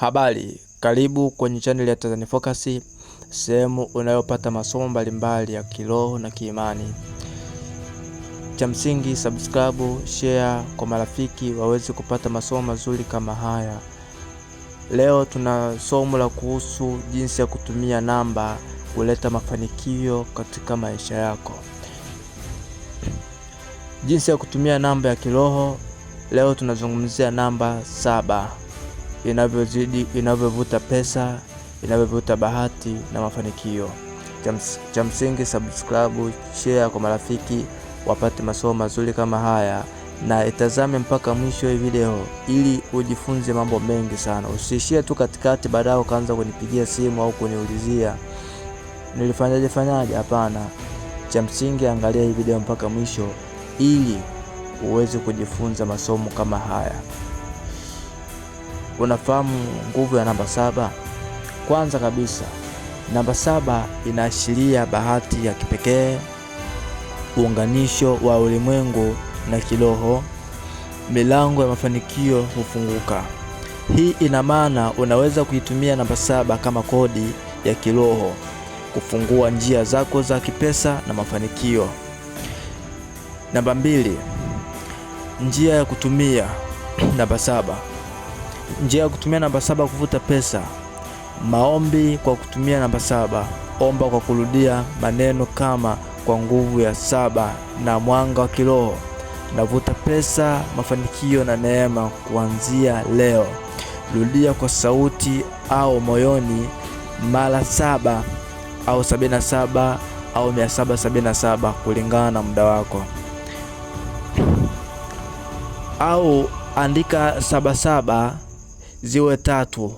Habari, karibu kwenye chaneli ya Tanzania Focus, sehemu unayopata masomo mbalimbali ya kiroho na kiimani. Cha msingi, subscribe, share kwa marafiki waweze kupata masomo mazuri kama haya. Leo tuna somo la kuhusu jinsi ya kutumia namba kuleta mafanikio katika maisha yako, jinsi ya kutumia namba ya kiroho. Leo tunazungumzia namba saba inavyozidi, inavyovuta pesa, inavyovuta bahati na mafanikio. Cha msingi, subscribe, share kwa marafiki wapate masomo mazuri kama haya, na itazame mpaka mwisho hii video ili ujifunze mambo mengi sana. Usiishie tu katikati, baadaye ukaanza kunipigia simu au kuniulizia nilifanyaje fanyaje. Hapana, cha msingi, angalia hii video mpaka mwisho ili uweze kujifunza masomo kama haya. Unafahamu nguvu ya namba saba? Kwanza kabisa, namba saba inaashiria bahati ya kipekee, uunganisho wa ulimwengu na kiroho. Milango ya mafanikio hufunguka. Hii ina maana unaweza kuitumia namba saba kama kodi ya kiroho kufungua njia zako za kipesa na mafanikio. Namba mbili, njia ya kutumia namba saba. Njia ya kutumia namba saba kuvuta pesa: maombi kwa kutumia namba saba. Omba kwa kurudia maneno kama kwa nguvu ya saba na mwanga wa kiroho. Navuta pesa, mafanikio na neema kuanzia leo. Rudia kwa sauti au moyoni mara saba au sabini na saba au mia saba sabini na saba kulingana na muda wako, au andika sabasaba ziwe tatu,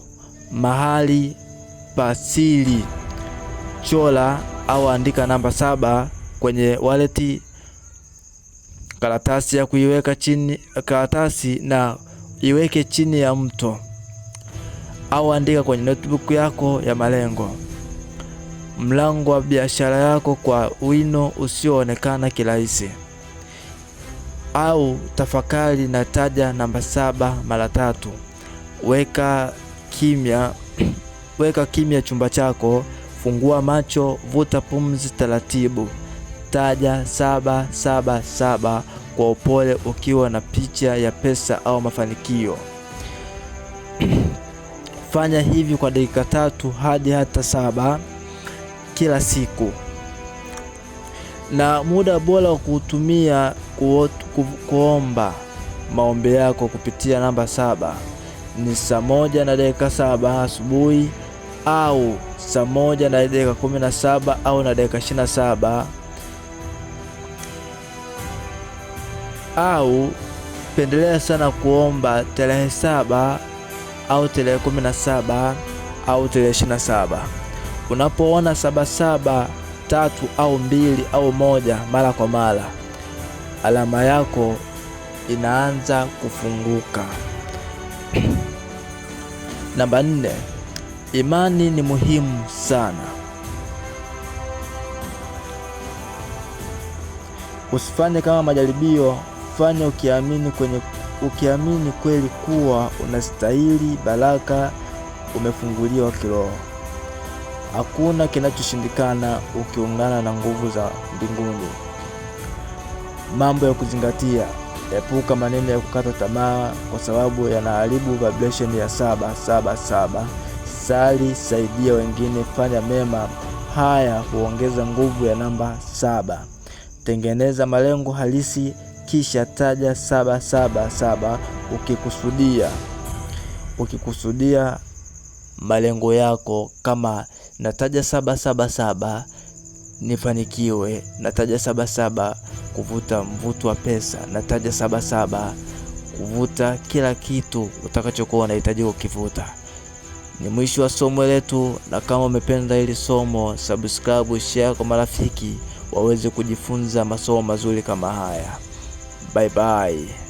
mahali pa siri. Chora au andika namba saba kwenye waleti, karatasi ya kuiweka chini, karatasi na iweke chini ya mto au andika kwenye notebook yako ya malengo. Mlango wa biashara yako kwa wino usioonekana kirahisi, au tafakari na taja namba saba mara tatu weka kimya, weka kimya chumba chako, fungua macho, vuta pumzi taratibu, taja saba saba saba kwa upole, ukiwa na picha ya pesa au mafanikio. Fanya hivi kwa dakika tatu hadi hata saba kila siku, na muda bora wa kutumia kuomba maombi yako kupitia namba saba ni saa moja na dakika saba asubuhi au saa moja na dakika kumi na saba au na dakika ishirini na saba au pendelea sana kuomba tarehe saba au tarehe kumi na saba au tarehe ishirini na saba unapoona sabasaba tatu au mbili au moja mara kwa mara, alama yako inaanza kufunguka. Namba nne, imani ni muhimu sana. Usifanye kama majaribio, fanya ukiamini kwenye ukiamini kweli kuwa unastahili baraka, umefunguliwa kiroho. Hakuna kinachoshindikana ukiungana na nguvu za mbinguni. Mambo ya kuzingatia. Epuka maneno ya kukata tamaa kwa sababu yanaharibu vibration ya saba saba saba. Sali, saidia wengine, fanya mema. Haya huongeza nguvu ya namba saba. Tengeneza malengo halisi kisha taja saba saba saba ukikusudia ukikusudia malengo yako kama nataja saba saba saba nifanikiwe, nataja Sabasaba kuvuta mvuto wa pesa, nataja Sabasaba kuvuta kila kitu utakachokuwa unahitaji kukivuta. Ni mwisho wa somo letu, na kama umependa hili somo, subscribe, share kwa marafiki waweze kujifunza masomo mazuri kama haya. Bye bye.